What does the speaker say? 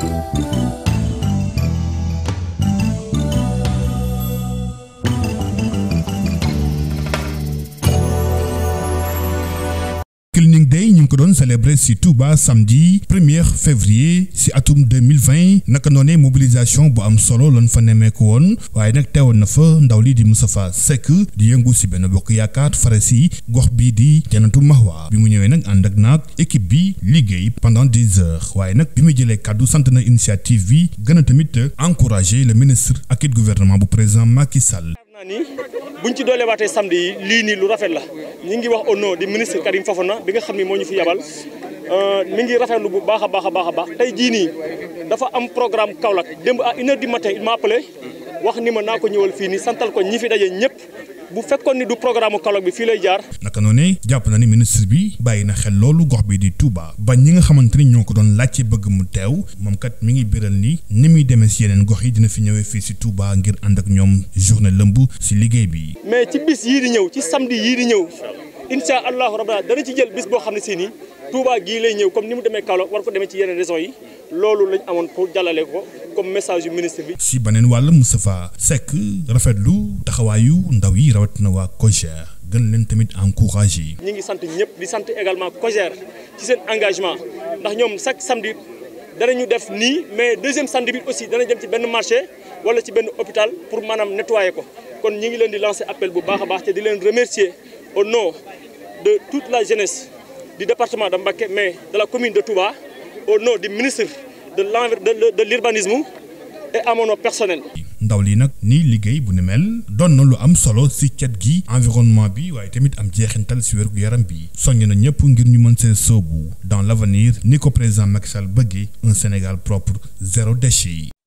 thank you doon célébré ci Touba samedi 1er février ci atum 2020 naka noonee mobilisation bu am solo lan fa nemmeeku woon waaye nag teewoon na fa ndaw li di Moustapha Seck di yëngu ci benn bokk yaakaar fare ci gox bii di Janatu Mahwa bi mu ñëwee nag ànd ak naag équipe bi liggéey pendant heures waaye nag bi mu jëlee kàddu sant na initiative bi gëna a tamit encourager le ministre ak it bu président Macky Sall buñ ci doole waatee samedi yi lii nii lu rafet la ñi ngi wax au nom du ministre Karim na bi nga xam ni moo ñu fi yabal euh, mi ngi rafetlu bu baax a baax a baax a baax jii nii dafa am programme Kaolack démb à une heure du matin il m'a appelé wax ni ma naa ko ñëwal fii nii santal ko ñi fi daje ñëpp bu fekkoon ni du programme colloque bi fii lay jaar. naka noonu jàpp na ni ministre bi bàyyi na xel loolu gox bi di Touba ba ñi nga xamante ni ñoo ko doon laajte bëgg mu teew moom kat mi ngi biral ni ni muy demee si yeneen gox yi dina fi ñëwee fii si Touba ngir ànd ak ñoom journée lëmb si liggéey bi. mais ci bis yii di ñëw ci samedi yii di ñëw. incha allahu rabbana dana ci jël bis boo xam ne si nii Touba gii lay ñëw comme ni mu demee Kaolack war ko demee yeneen régions yi. loolu lañ amoon pour jàllale ko comme message yu ministre bi. si beneen wàll Moustapha Seck rafetlu taxawaayu ndaw yi na waa COJER gën leen tamit encouragé. ñi ngi sant ñëpp di sant également COJER ci seen engagement ndax ñoom chaque samedi ñu def nii mais deuxième samedi bi aussi dana jëm ci benn marché wala ci benn hôpital pour maanaam nettoyer ko kon ñu ngi leen di lancer appel bu baax a baax te di leen remercier au nom de toute la jeunesse du département de Mbacké mais de la commune de Touba. au nom du ministre de l' de l'urbanisme et à mon personnel. ndaw li nag nii liggéey bu ni mel doon na lu am solo si cet gi environnement bi waaye tamit am jeexintal si gu yaram bi soññ na ñëpp ngir ñu mën seen soobu dans l' avenir ni ko président Macky Sall bëggee un Sénégal propre zéro yi